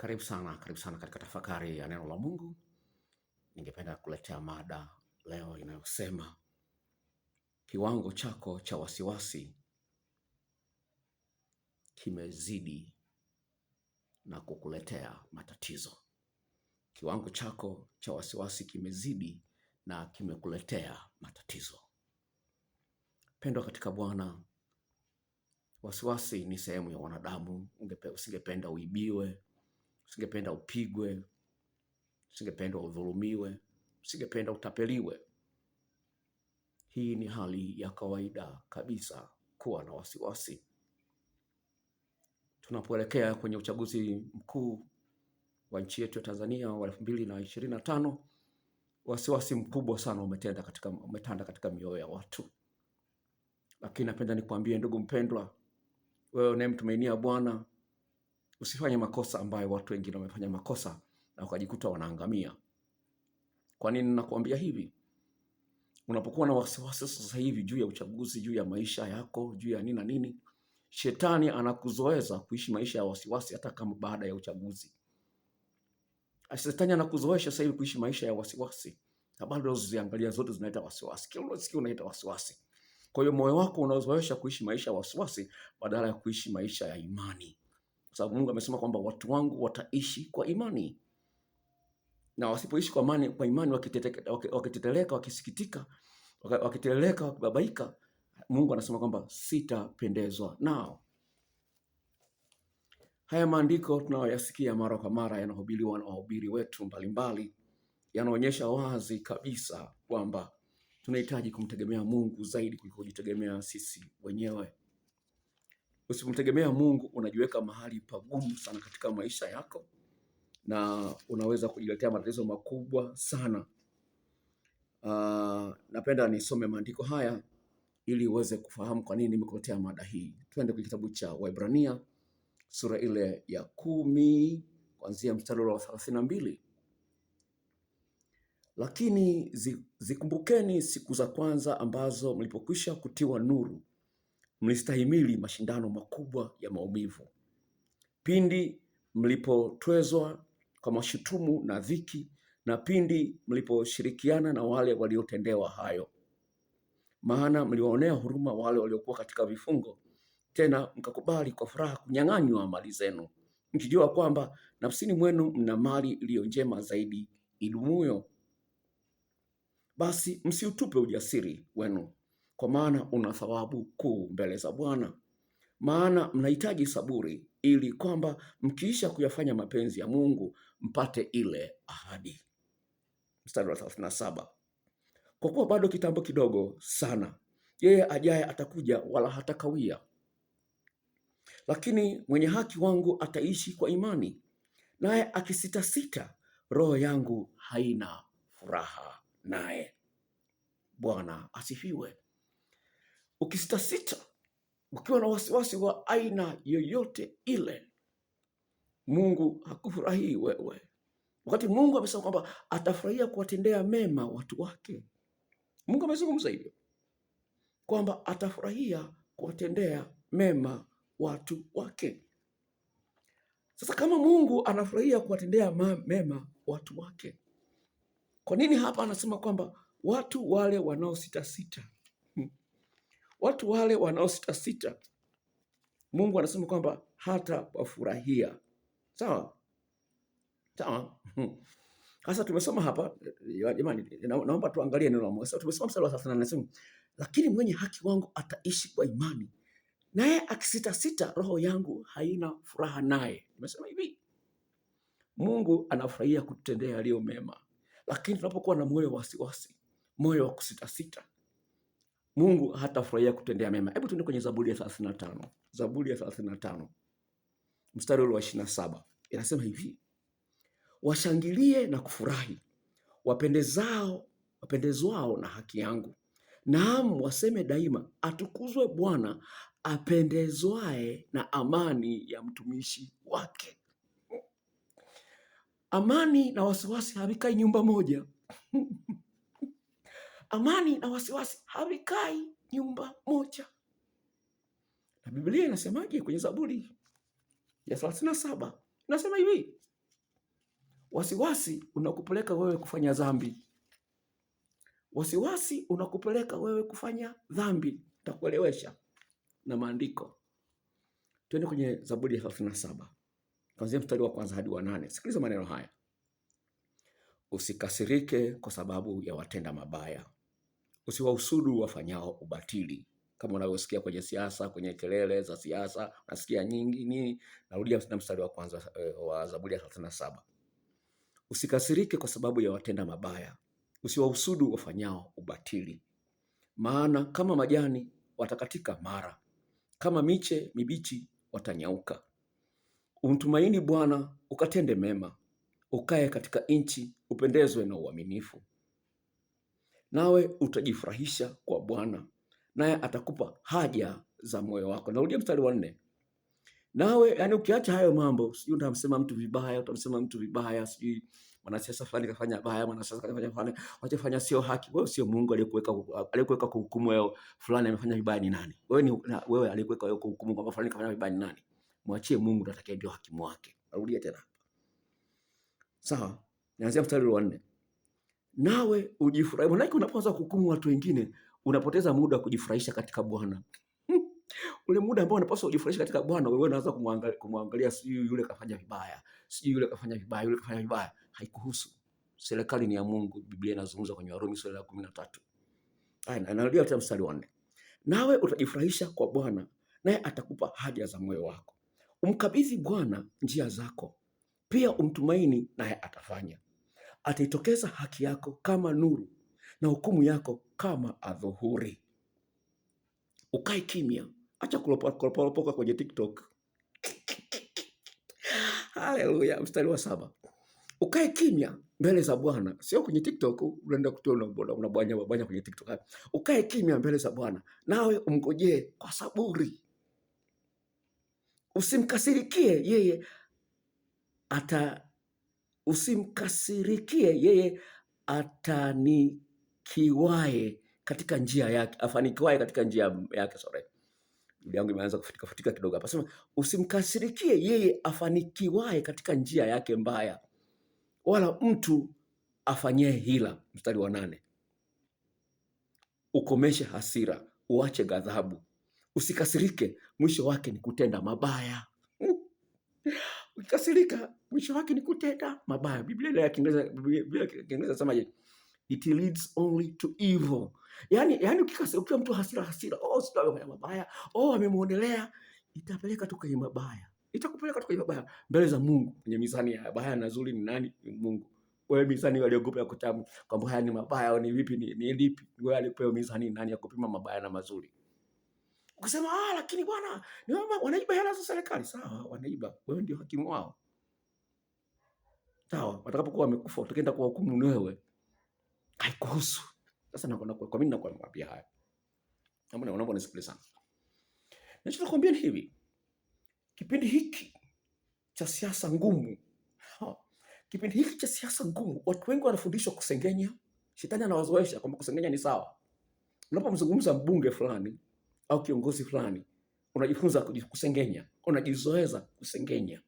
Karibu sana, karibu sana katika tafakari ya neno la Mungu. Ningependa kuletea mada leo inayosema kiwango chako cha wasiwasi kimezidi na kukuletea matatizo. Kiwango chako cha wasiwasi kimezidi na kimekuletea matatizo. Pendwa katika Bwana, wasiwasi ni sehemu ya wanadamu. Usingependa uibiwe singependa upigwe, usingependa udhulumiwe, usingependa utapeliwe. Hii ni hali ya kawaida kabisa kuwa na wasiwasi. Tunapoelekea kwenye uchaguzi mkuu wa nchi yetu ya Tanzania wa elfu mbili na ishirini na tano, wasiwasi mkubwa sana umetanda katika, umetanda katika mioyo ya watu, lakini napenda nikwambie ndugu mpendwa, wewe unayemtumainia Bwana Usifanye makosa ambayo watu wengine wamefanya makosa na wakajikuta wanaangamia. Kwa nini nakuambia hivi? Unapokuwa na wasiwasi sasa hivi juu ya uchaguzi, juu ya maisha yako, juu ya nini na nini, shetani anakuzoeza kuishi maisha ya wasiwasi hata kama baada ya uchaguzi. Shetani anakuzoesha sasa hivi kuishi maisha ya wasiwasi na bado uziangalia zote zinaita wasiwasi. Kila unasikia unaita wasiwasi. Kwa hiyo moyo wako unazoesha kuishi maisha ya wasiwasi badala ya kuishi maisha ya imani sababu Mungu amesema kwamba watu wangu wataishi kwa imani, na wasipoishi kwa imani, kwa imani wakiteteleka, wakisikitika, wakiteleleka, wakibabaika, Mungu anasema kwamba sitapendezwa nao. Haya maandiko tunayoyasikia mara kwa mara yanahubiriwa na wahubiri wetu mbalimbali yanaonyesha wazi kabisa kwamba tunahitaji kumtegemea Mungu zaidi kuliko kujitegemea sisi wenyewe. Usipomtegemea Mungu unajiweka mahali pagumu sana katika maisha yako na unaweza kujiletea matatizo makubwa sana. Uh, napenda nisome maandiko haya ili uweze kufahamu kwa nini nimekuletea mada hii. Twende kwenye kitabu cha Waebrania sura ile ya kumi kuanzia mstari wa thelathini na mbili. Lakini zikumbukeni siku za kwanza ambazo mlipokwisha kutiwa nuru mlistahimili mashindano makubwa ya maumivu. Pindi mlipotwezwa kwa mashutumu na dhiki, na pindi mliposhirikiana na wale waliotendewa hayo, maana mliwaonea huruma wale waliokuwa katika vifungo, tena mkakubali kwa furaha kunyang'anywa mali zenu, mkijua kwamba nafsini mwenu mna mali iliyo njema zaidi idumuyo. Basi msiutupe ujasiri wenu, kwa maana una thawabu kuu mbele za Bwana. Maana mnahitaji saburi, ili kwamba mkiisha kuyafanya mapenzi ya Mungu mpate ile ahadi. Mstari wa saba kwa kuwa bado kitambo kidogo sana, yeye ajaye atakuja, wala hatakawia. Lakini mwenye haki wangu ataishi kwa imani, naye akisitasita, roho yangu haina furaha naye. Bwana asifiwe ukisitasita, ukiwa na wasiwasi wa aina yoyote ile, Mungu hakufurahii wewe, wakati Mungu amesema kwamba atafurahia kuwatendea mema watu wake. Mungu amezungumza hivyo kwamba atafurahia kuwatendea mema watu wake. Sasa kama Mungu anafurahia kuwatendea mema watu wake, kwa nini hapa anasema kwamba watu wale wanaositasita Watu wale wanaositasita, Mungu anasema kwamba hata wafurahia. Sawa sawa. Hmm. Sasa tumesoma hapa jamani, naomba tuangalie neno la Mungu. Sasa tumesoma mstari wa 38 anasema, lakini mwenye haki wangu ataishi kwa imani, naye akisitasita, roho yangu haina furaha naye. Tumesema hivi, Mungu anafurahia kututendea yaliyo mema, lakini tunapokuwa na moyo wasiwasi, moyo wa kusitasita Mungu hatafurahia kutendea mema. Hebu tuende kwenye Zaburi ya 35. Zaburi ya 35. Mstari wa 27. Inasema hivi: Washangilie na kufurahi wapendezao wapendezwao na haki yangu. Naam, waseme daima, atukuzwe Bwana apendezwae na amani ya mtumishi wake. Amani na wasiwasi havikai nyumba moja. Amani na wasiwasi havikai nyumba moja. Na Biblia inasemaje kwenye Zaburi ya thelathini na saba? Inasema hivi, wasiwasi unakupeleka wewe kufanya dhambi, wasiwasi unakupeleka wewe kufanya dhambi. Nitakuelewesha na maandiko. Twende kwenye Zaburi ya thelathini na saba kuanzia mstari wa kwanza hadi wa nane. Sikiliza maneno haya, usikasirike kwa sababu ya watenda mabaya usiwahusudu wafanyao ubatili. Kama unavyosikia kwenye siasa, kwenye kelele za siasa nasikia nyingi nini. Narudia na mstari wa kwanza eh, wa Zaburi ya thelathini na saba usikasirike kwa sababu ya watenda mabaya, usiwahusudu wafanyao ubatili, maana kama majani watakatika mara, kama miche mibichi watanyauka. Umtumaini Bwana ukatende mema, ukae katika nchi, upendezwe na uaminifu nawe utajifurahisha kwa Bwana, naye atakupa haja za moyo wako. Narudia mstari wa nne. Nawe yani, ukiacha hayo mambo, sijui utamsema mtu vibaya, utamsema mtu vibaya, sijui mwanasiasa fulani kafanya baya, mwanasiasa kafanya fulani, wachofanya sio haki. Wewe sio Mungu aliyekuweka aliyekuweka kuhukumu wewe fulani amefanya vibaya ni nani? Wewe ni wewe aliyekuweka wewe kuhukumu kwamba fulani kafanya vibaya ni nani? Mwachie Mungu, atakaye ndio hakimu wake. Narudia tena sawa? Nianzia mstari wa nne nawe ujifurahi. Manake unapoanza kuhukumu watu wengine unapoteza muda wa kujifurahisha katika Bwana. Hmm. Ule muda ambao unapaswa kujifurahisha katika Bwana, wewe unaanza kumwangalia kumwangalia, sijui yule kafanya vibaya, sijui yule kafanya vibaya, yule kafanya vibaya. Haikuhusu, serikali ni ya Mungu. Biblia inazungumza kwenye Warumi sura ya 13 aya, narudia tena mstari wa 4, nawe utajifurahisha kwa Bwana naye atakupa haja za moyo wako. Umkabidhi Bwana njia zako, pia umtumaini, naye atafanya ataitokeza haki yako kama nuru na hukumu yako kama adhuhuri. Ukae kimya, acha kulopolopoka kwenye TikTok. Haleluya! mstari wa saba, ukae kimya mbele za Bwana, sio kwenye TikTok. Unaenda unabwanya bwanya kwenye TikTok. Ukae kimya mbele za Bwana, nawe umgojee kwa saburi, usimkasirikie yeye ata usimkasirikie yeye atanikiwae katika njia yake, afanikiwae katika njia yake. Sorry, Biblia yangu imeanza kufutika futika kidogo hapa. Sema usimkasirikie yeye afanikiwae katika njia yake mbaya, wala mtu afanyie hila. Mstari wa nane, ukomeshe hasira, uache ghadhabu, usikasirike, mwisho wake ni kutenda mabaya. Ukikasirika mwisho wake ni kutenda mabaya. Biblia ya Kiingereza je, It leads only to evil. Yani, yani ukiwa mtu hasira hasira, oh, sio amefanya mabaya, oh, amemuonelea, itapeleka tu kwenye mabaya, itakupeleka tu kwenye mabaya mbele za Mungu. Kwenye mizani ya baya na zuri ni nani? Ni Mungu. Wewe mizani waliogopa kutamu kwamba haya ni mabaya au ni vipi, ni, ni lipi? Wewe alipewa mizani nani ya kupima mabaya na mazuri? Ukisema ah, lakini bwana, wanaiba hela za serikali, sawa, wanaiba. Wewe ndio hakimu wao. Sawa, watakapokuwa wamekufa utakwenda kwa ni wewe. Haikuhusu. Sasa nakwenda kwa mimi nakwenda kuambia haya. na naomba nisikilize sana. Nachokwambia ni hivi. Kipindi hiki cha siasa ngumu. Kipindi hiki cha siasa ngumu, watu wengi wanafundishwa kusengenya. Shetani anawazoesha kwamba kusengenya ni sawa. Unapomzungumza mbunge fulani au kiongozi fulani, unajifunza kusengenya, unajizoeza kusengenya.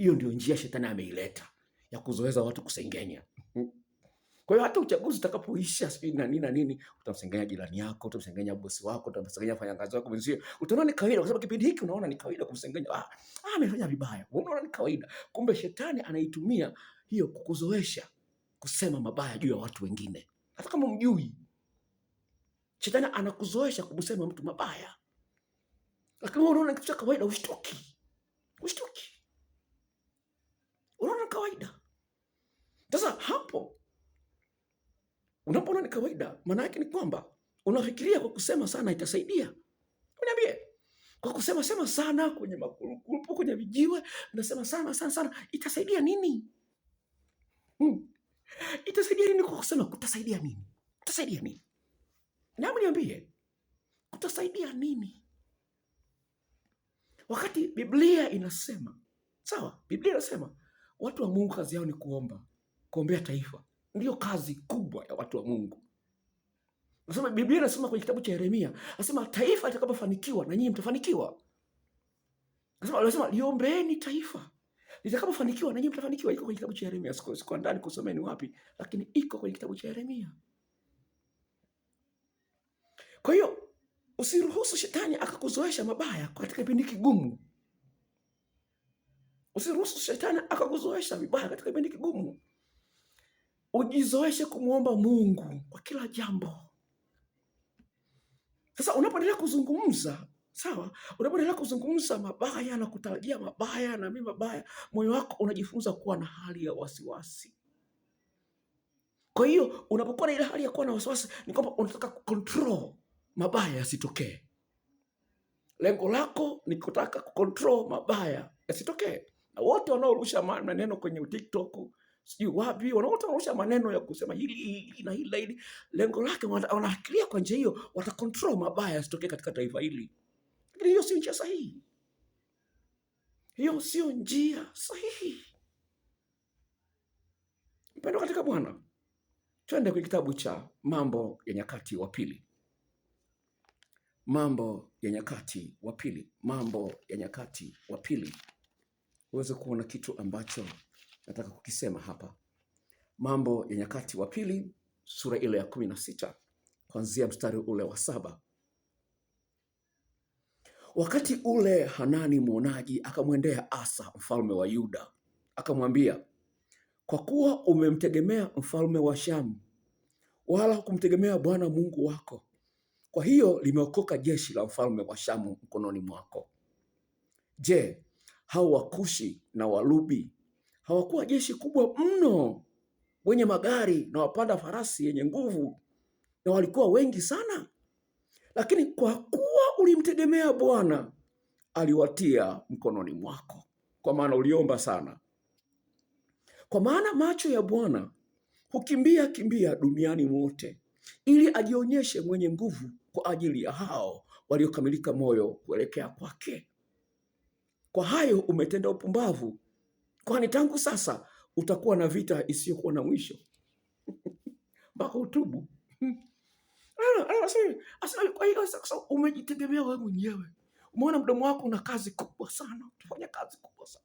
Hiyo ndio njia shetani ameileta ya kuzoeza watu kusengenya. Kwa hiyo hata uchaguzi utakapoisha sijui na nini na nini, utamsengenya jirani yako, utamsengenya bosi wako, utamsengenya mfanyakazi wako mwenzio. Utaona ni kawaida, kwa sababu kipindi hiki unaona ni kawaida kumsengenya. Ah, ah amefanya vibaya, unaona ni kawaida. Kumbe shetani anaitumia hiyo kukuzoesha kusema mabaya juu ya watu wengine, hata kama mjui. Shetani anakuzoesha kumsema mtu mabaya, lakini unaona ni kitu cha kawaida, ushtuki, ushtuki kawaida. Sasa hapo unapoona ni kawaida, maana yake ni kwamba unafikiria kwa kusema sana itasaidia. Niambie, kwa kusema sema sana kwenye makurupuku, kwenye vijiwe, unasema sana sana sana, itasaidia nini? Hmm. Itasaidia nini kwa kusema? Kutasaidia nini? Kutasaidia nini? Nami niambie, kutasaidia nini? Wakati Biblia inasema sawa, Biblia inasema Watu wa Mungu kazi yao ni kuomba, kuombea taifa. Ndiyo kazi kubwa ya watu wa Mungu. Nasema Biblia inasema kwenye kitabu cha Yeremia, nasema taifa litakapofanikiwa na nyinyi mtafanikiwa. Nasema nasema liombeeni taifa. Litakapofanikiwa na nyinyi mtafanikiwa. Iko kwenye kitabu cha Yeremia. Siko siko ndani kusomeni wapi, lakini iko kwenye kitabu cha Yeremia. Kwa hiyo usiruhusu shetani akakuzoesha mabaya katika kipindi kigumu. Usiruhusu shetani akakuzoesha vibaya katika kipindi kigumu. Ujizoeshe kumwomba Mungu kwa kila jambo. Sasa unapoendelea kuzungumza sawa, unapoendelea kuzungumza mabaya na kutarajia mabaya na mimi mabaya, moyo wako unajifunza kuwa na hali ya wasiwasi. Kwa hiyo unapokuwa na ile hali ya kuwa na wasiwasi, ni kwamba unataka kucontrol mabaya yasitokee. Lengo lako ni kutaka kucontrol mabaya yasitokee na wote wanaorusha maneno kwenye TikTok sijui wapi, wanaota wanarusha maneno ya kusema hili hili na hili hili, lengo lake wanafikiria kwa njia hiyo control mabaya yasitokee katika taifa hili, lakini hiyo sio njia sahihi, hiyo sio njia sahihi. Mpendo katika Bwana, twende kwenye kitabu cha Mambo ya Nyakati wa Pili. Mambo ya Nyakati wa Pili. Mambo ya Nyakati wa Pili uweze kuona kitu ambacho nataka kukisema hapa. Mambo ya Nyakati wa Pili sura ile ya kumi na sita kuanzia mstari ule wa saba. Wakati ule Hanani mwonaji akamwendea Asa mfalme wa Yuda akamwambia, kwa kuwa umemtegemea mfalme wa Shamu wala hukumtegemea Bwana Mungu wako, kwa hiyo limeokoka jeshi la mfalme wa Shamu mkononi mwako. Je, hao Wakushi na Walubi hawakuwa jeshi kubwa mno wenye magari na wapanda farasi yenye nguvu, na walikuwa wengi sana, lakini kwa kuwa ulimtegemea Bwana aliwatia mkononi mwako, kwa maana uliomba sana. Kwa maana macho ya Bwana hukimbia kimbia duniani mote ili ajionyeshe mwenye nguvu kwa ajili ya hao waliokamilika moyo kuelekea kwake. Kwa hayo umetenda upumbavu, kwani tangu sasa utakuwa na vita isiyokuwa na mwisho mpaka utubu. Umejitegemea wewe mwenyewe, umeona mdomo wako una kazi kubwa sana, utafanya kazi kubwa sana.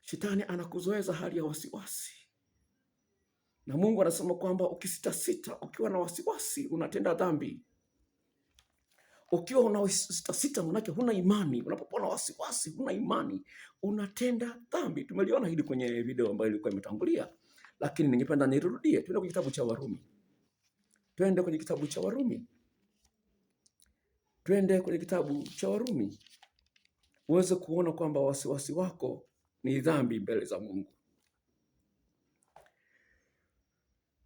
Shetani anakuzoeza hali ya wasiwasi, na Mungu anasema kwamba ukisitasita, ukiwa na wasiwasi, unatenda dhambi ukiwa sita, manake huna imani. Unapokuwa na wasiwasi, huna imani, unatenda dhambi. Tumeliona hili kwenye video ambayo ilikuwa imetangulia, lakini ningependa nirudie. Twende kwenye kitabu cha Warumi, twende kwenye kitabu cha Warumi, twende kwenye kitabu cha Warumi uweze kuona kwamba wasiwasi wako ni dhambi mbele za Mungu.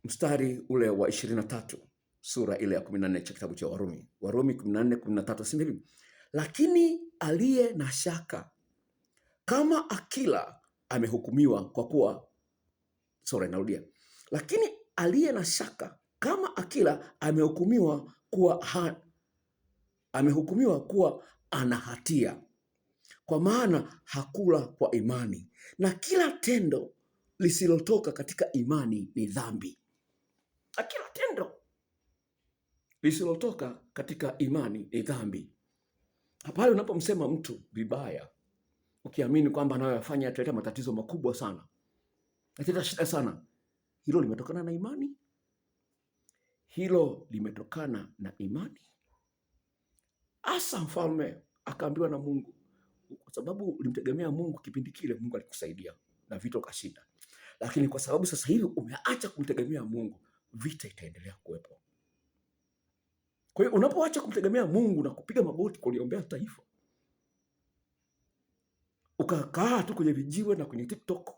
Mstari ule wa ishirini na tatu sura ile ya 14 cha kitabu cha Warumi. Warumi 14:13 si ndivyo? Lakini aliye na shaka kama akila amehukumiwa kwa kuwa, sorry, inarudia, lakini aliye na shaka kama akila amehukumiwa kuwa ha, amehukumiwa kuwa ana hatia, kwa maana hakula kwa imani, na kila tendo lisilotoka katika imani ni dhambi. Akila tendo Lisilotoka katika imani ni dhambi. Pale unapomsema mtu vibaya ukiamini kwamba anayoyafanya ataleta matatizo makubwa sana, yataleta shida sana, hilo limetokana na imani, hilo limetokana na imani. Asa mfalme akaambiwa na Mungu, kwa sababu ulimtegemea Mungu kipindi kile, Mungu alikusaidia na vita ukashinda, lakini kwa sababu sasa hivi umeacha kumtegemea Mungu, vita itaendelea kuwepo. Kwa hiyo unapoacha kumtegemea Mungu na kupiga magoti kuliombea taifa, ukakaa tu kwenye vijiwe na kwenye TikTok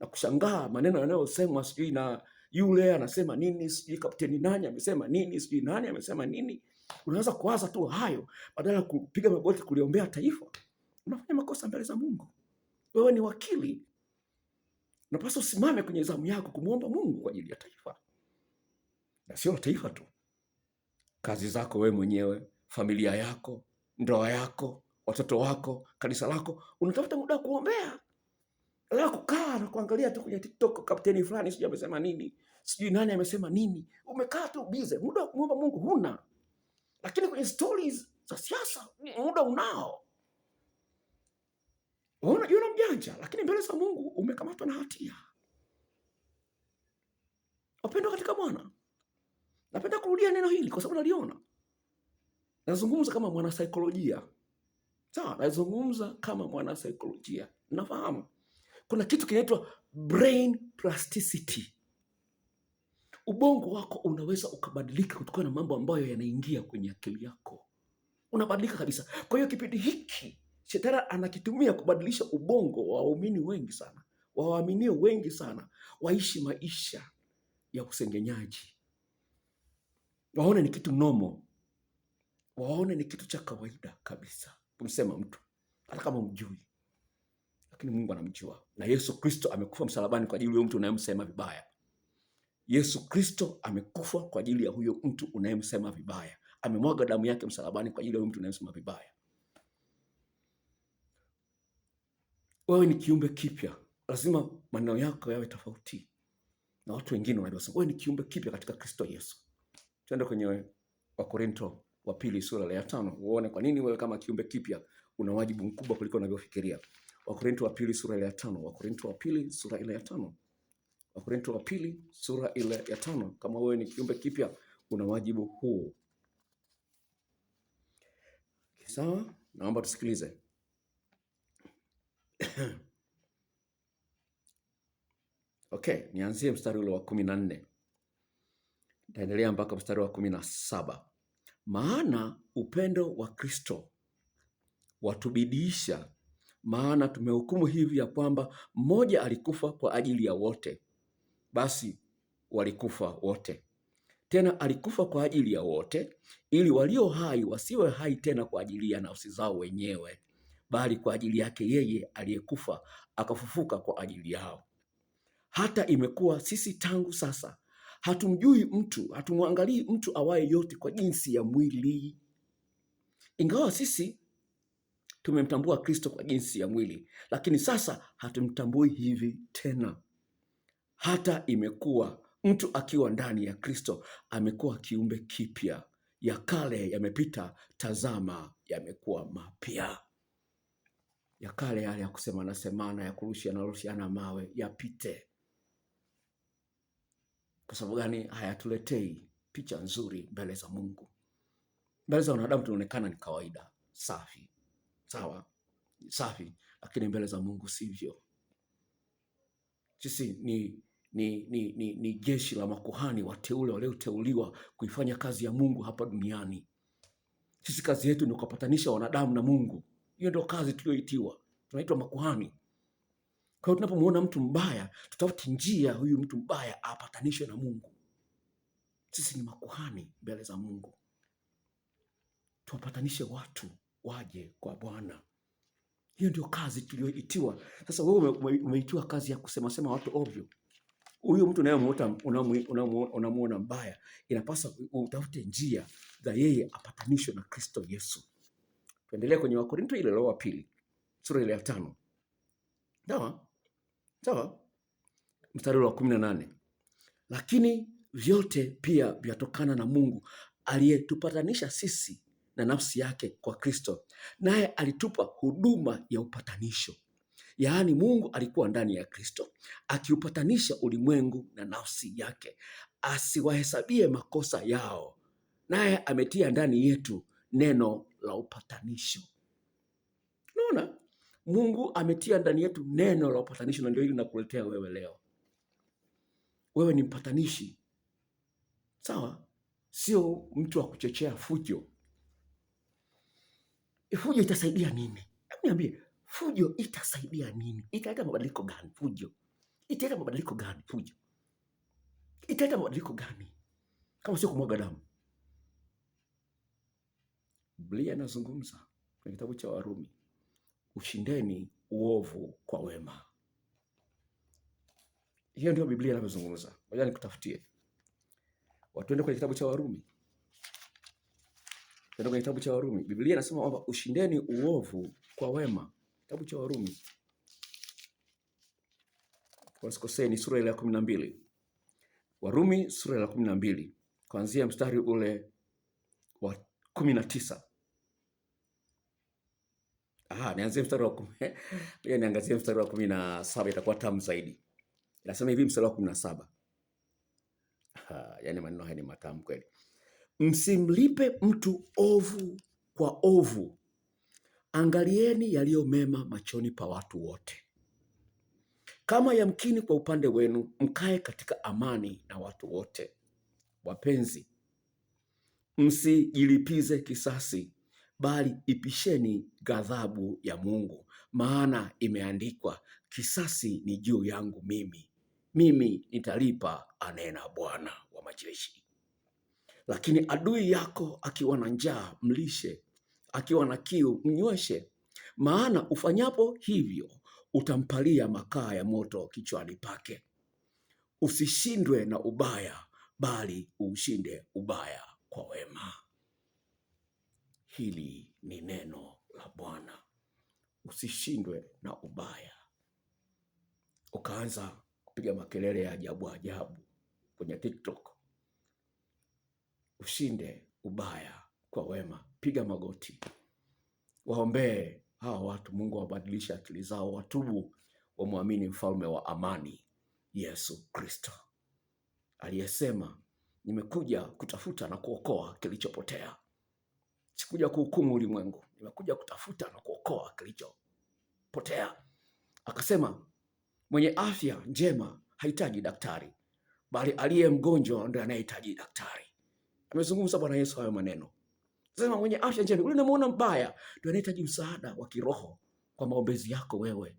na kushangaa maneno yanayosemwa, sijui na yule anasema nini, sijui kapteni nani amesema nini, sijui nani amesema nini, unaanza kuwaza tu hayo badala ya kupiga magoti kuliombea taifa. Unafanya makosa mbele za Mungu. Wewe ni wakili, unapaswa usimame kwenye zamu yako kumwomba Mungu kwa ajili ya taifa na sio taifa tu kazi zako wewe mwenyewe, familia yako, ndoa yako, watoto wako, kanisa lako, unatafuta muda wa kuombea la kukaa na kuangalia tu kwenye TikTok, kapteni fulani sijui amesema nini, sijui nani amesema nini. Umekaa tu bize, muda wa kumwomba Mungu huna, lakini kwenye stories za siasa muda unao. Wewe unajiona mjanja, lakini mbele za Mungu umekamatwa na hatia. Wapendwa katika Bwana, Napenda kurudia neno hili kwa sababu naliona. Nazungumza kama mwanasaikolojia, sawa? Nazungumza kama mwanasaikolojia, nafahamu kuna kitu kinaitwa brain plasticity. Ubongo wako unaweza ukabadilika kutokana na mambo ambayo yanaingia kwenye akili yako, unabadilika kabisa. Kwa hiyo kipindi hiki shetani anakitumia kubadilisha ubongo wa waumini wengi sana, wa waaminio wengi sana, waishi maisha ya usengenyaji waone ni kitu nomo, waone ni kitu cha kawaida kabisa kumsema mtu hata kama umjui, lakini Mungu anamjua, na Yesu Kristo amekufa msalabani kwa ajili ya mtu unayemsema vibaya. Yesu Kristo amekufa kwa ajili ya huyo mtu unayemsema vibaya, amemwaga damu yake msalabani kwa ajili ya huyo mtu unayemsema vibaya. Wewe ni kiumbe kipya, lazima maneno yako yawe tofauti na watu wengine wanavyosema. Wewe ni kiumbe kipya katika Kristo Yesu. Tuende kwenye Wakorinto wa pili sura ya tano uone kwa nini wewe kama kiumbe kipya una wajibu mkubwa kuliko unavyofikiria. Wakorinto wa pili sura ile ya tano Wakorinto wa pili sura ile ya tano Wakorinto wa pili sura ile ya tano Kama wewe ni kiumbe kipya una wajibu huu. Sawa, naomba tusikilize. Okay, nianzie mstari ule wa kumi na nne Taendelea mpaka mstari wa kumi na saba. Maana upendo wa Kristo watubidiisha, maana tumehukumu hivi ya kwamba mmoja alikufa kwa ajili ya wote, basi walikufa wote. Tena alikufa kwa ajili ya wote, ili walio hai wasiwe hai tena kwa ajili ya nafsi zao wenyewe, bali kwa ajili yake yeye aliyekufa akafufuka kwa ajili yao. Hata imekuwa sisi tangu sasa Hatumjui mtu, hatumwangalii mtu awaye yote kwa jinsi ya mwili, ingawa sisi tumemtambua Kristo kwa jinsi ya mwili, lakini sasa hatumtambui hivi tena. Hata imekuwa mtu akiwa ndani ya Kristo amekuwa kiumbe kipya, ya kale yamepita, tazama yamekuwa mapya. Ya kale yale ya kusema na semana ya na rushiana mawe yapite, kwa sababu gani? Hayatuletei picha nzuri mbele za Mungu. Mbele za wanadamu tunaonekana ni kawaida, safi, sawa, safi, lakini mbele za Mungu sivyo. Sisi ni ni, ni, ni, ni jeshi la makuhani wateule walioteuliwa kuifanya kazi ya Mungu hapa duniani. Sisi kazi yetu ni kupatanisha wanadamu na Mungu. Hiyo ndio kazi tuliyoitiwa, tunaitwa makuhani. Kwa hiyo tunapomuona mtu mbaya, tutafute njia huyu mtu mbaya apatanishwe na Mungu. Sisi ni makuhani mbele za Mungu, tuwapatanishe watu waje kwa Bwana. Hiyo ndio kazi tuliyoitiwa. Sasa wewe umeitiwa kazi ya kusema sema watu ovyo, Huyu mtu unamuona mbaya, inapaswa utafute njia za yeye apatanishwe na Kristo Yesu. Tuendelee kwenye Wakorinto ile wa pili sura ile ya tano. Sawa? Sawa? Mstari wa kumi na nane lakini vyote pia vyatokana na Mungu aliyetupatanisha sisi na nafsi yake kwa Kristo, naye alitupa huduma ya upatanisho. Yaani, Mungu alikuwa ndani ya Kristo akiupatanisha ulimwengu na nafsi yake, asiwahesabie makosa yao, naye ametia ndani yetu neno la upatanisho. Mungu ametia ndani yetu neno la upatanisho, na ndio hili nakuletea wewe leo. Wewe ni mpatanishi, sawa? Sio mtu wa kuchochea fujo. E, fujo itasaidia nini? Niambie, fujo itasaidia nini? Italeta mabadiliko gani? Fujo italeta mabadiliko gani? Fujo italeta mabadiliko gani kama sio kumwaga damu? Biblia inazungumza kwenye kitabu cha Warumi ushindeni uovu kwa wema. Hiyo ndio Biblia inavyozungumza. Ngoja nikutafutie, watuende kwenye kitabu cha Warumi, tuende kwenye kitabu cha Warumi. Biblia inasema kwamba ushindeni uovu kwa wema, kitabu cha Warumi wasikoseni sura ile ya kumi na mbili Warumi sura ya kumi na mbili kuanzia mstari ule wa kumi na tisa Aha, nianzie mstari wa kumi. Hmm. Pia niangazie mstari wa kumi na saba itakuwa tamu zaidi. Inasema hivi mstari wa kumi na saba. Aha, yani maneno haya ni matamu kweli. Msimlipe mtu ovu kwa ovu, angalieni yaliyo mema machoni pa watu wote. Kama yamkini kwa upande wenu mkae katika amani na watu wote. Wapenzi, msijilipize kisasi bali ipisheni ghadhabu ya Mungu, maana imeandikwa, kisasi ni juu yangu mimi, mimi nitalipa, anena Bwana wa majeshi. Lakini adui yako akiwa na njaa mlishe, akiwa na kiu mnyweshe, maana ufanyapo hivyo utampalia makaa ya moto kichwani pake. Usishindwe na ubaya, bali uushinde ubaya kwa wema. Hili ni neno la Bwana. Usishindwe na ubaya ukaanza kupiga makelele ya ajabu ajabu kwenye TikTok. Ushinde ubaya kwa wema, piga magoti, waombee hawa watu. Mungu awabadilishe akili zao, watubu, wamwamini mfalme wa amani Yesu Kristo aliyesema, nimekuja kutafuta na kuokoa kilichopotea. Sikuja kuhukumu ulimwengu, nimekuja kutafuta na kuokoa kilichopotea. Akasema mwenye afya njema hahitaji daktari, bali aliye mgonjwa ndo anayehitaji daktari. Amezungumza Bwana Yesu hayo maneno, sema mwenye afya njema, yule unamwona mbaya, ndo anahitaji msaada wa kiroho kwa maombezi yako wewe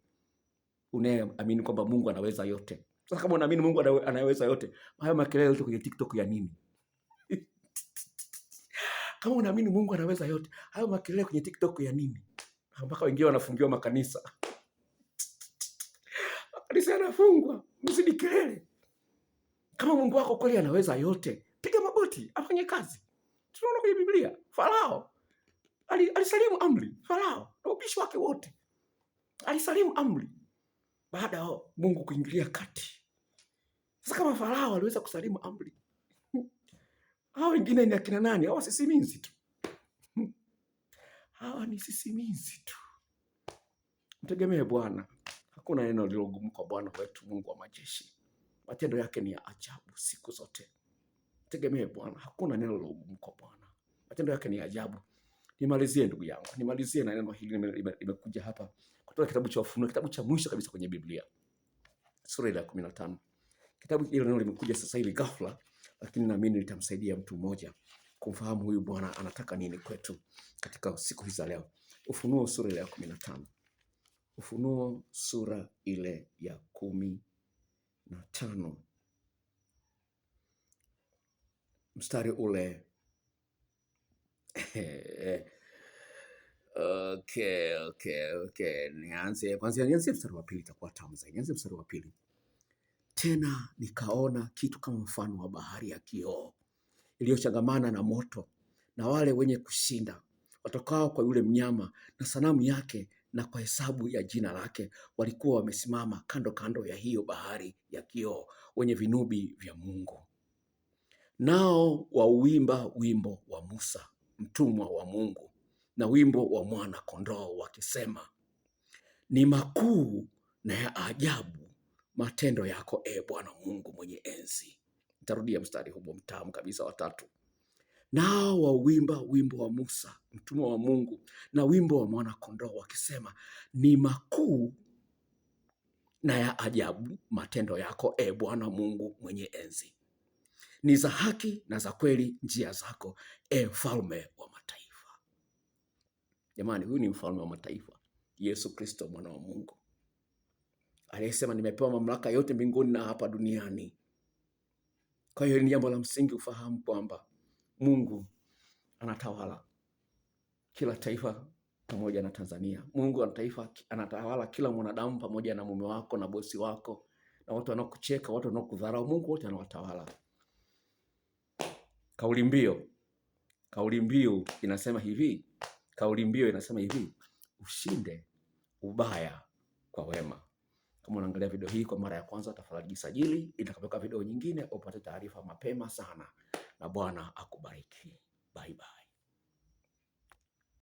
unayeamini kwamba Mungu anaweza yote. Sasa kama unaamini Mungu anaweza yote, haya makelele yote kwenye TikTok ya nini? Kama unaamini Mungu anaweza yote, hayo makelele kwenye TikTok ya nini? Ah, mpaka wengine wanafungiwa makanisa, makanisa yanafungwa, mzidi kelele. Kama Mungu wako kweli anaweza yote, piga magoti, afanye kazi. Tunaona kwenye Biblia Farao alisalimu amri, Farao na ubishi wake wote alisalimu amri baada ya Mungu kuingilia kati. Sasa kama Farao aliweza kusalimu amri Hawa wengine ni akina nani? Hawa sisimizi tu, hawa ni sisimizi tu. Mtegemee Bwana, hakuna neno lilogumu kwa Bwana wetu Mungu wa majeshi. Matendo yake ni ya ajabu siku zote. Mtegemee Bwana, hakuna neno lilogumu kwa Bwana. Matendo yake ni ya ajabu. Nimalizie ndugu yangu, nimalizie na neno hili limekuja hapa kutoka kitabu cha Ufunuo, kitabu cha mwisho kabisa kwenye Biblia, sura ya kumi na tano. Kitabu hilo neno limekuja sasa hivi ghafla lakini naamini litamsaidia mtu mmoja kumfahamu huyu Bwana anataka nini kwetu katika siku hizi za leo. Ufunuo sura ile ya kumi na tano. Ufunuo sura ile ya kumi na tano mstari ule okay, okay, okay. Nianze kwanza, nianze mstari wa pili, itakuwa tamu zaidi. Nianze mstari wa pili. Tena nikaona kitu kama mfano wa bahari ya kioo iliyochangamana na moto, na wale wenye kushinda watokao kwa yule mnyama na sanamu yake na kwa hesabu ya jina lake, walikuwa wamesimama kando kando ya hiyo bahari ya kioo, wenye vinubi vya Mungu, nao wauimba wimbo wa Musa mtumwa wa Mungu na wimbo wa mwana kondoo wakisema, ni makuu na ya ajabu matendo yako, e Bwana Mungu mwenye enzi. Nitarudia mstari huo mtamu kabisa watatu, Nao wauimba wimbo wa Musa mtumwa wa Mungu na wimbo wa mwana kondoo wakisema, ni makuu na ya ajabu matendo yako, e Bwana Mungu mwenye enzi. Ni za haki na za kweli njia zako, e mfalme wa mataifa. Jamani, huyu ni mfalme wa mataifa, Yesu Kristo mwana wa Mungu aliyesema nimepewa mamlaka yote mbinguni na hapa duniani. Kwa hiyo ni jambo la msingi ufahamu kwamba Mungu anatawala kila taifa pamoja na Tanzania. Mungu anataifa, anatawala kila mwanadamu pamoja na mume wako na bosi wako na watu wanaokucheka, watu wanaokudharau, Mungu wote anawatawala. Kauli mbio kauli mbio inasema hivi, kauli mbio inasema hivi: ushinde ubaya kwa wema. Kama unaangalia video hii kwa mara ya kwanza, tafadhali jisajili itakapoweka video nyingine upate taarifa mapema sana, na Bwana akubariki. Bye bye.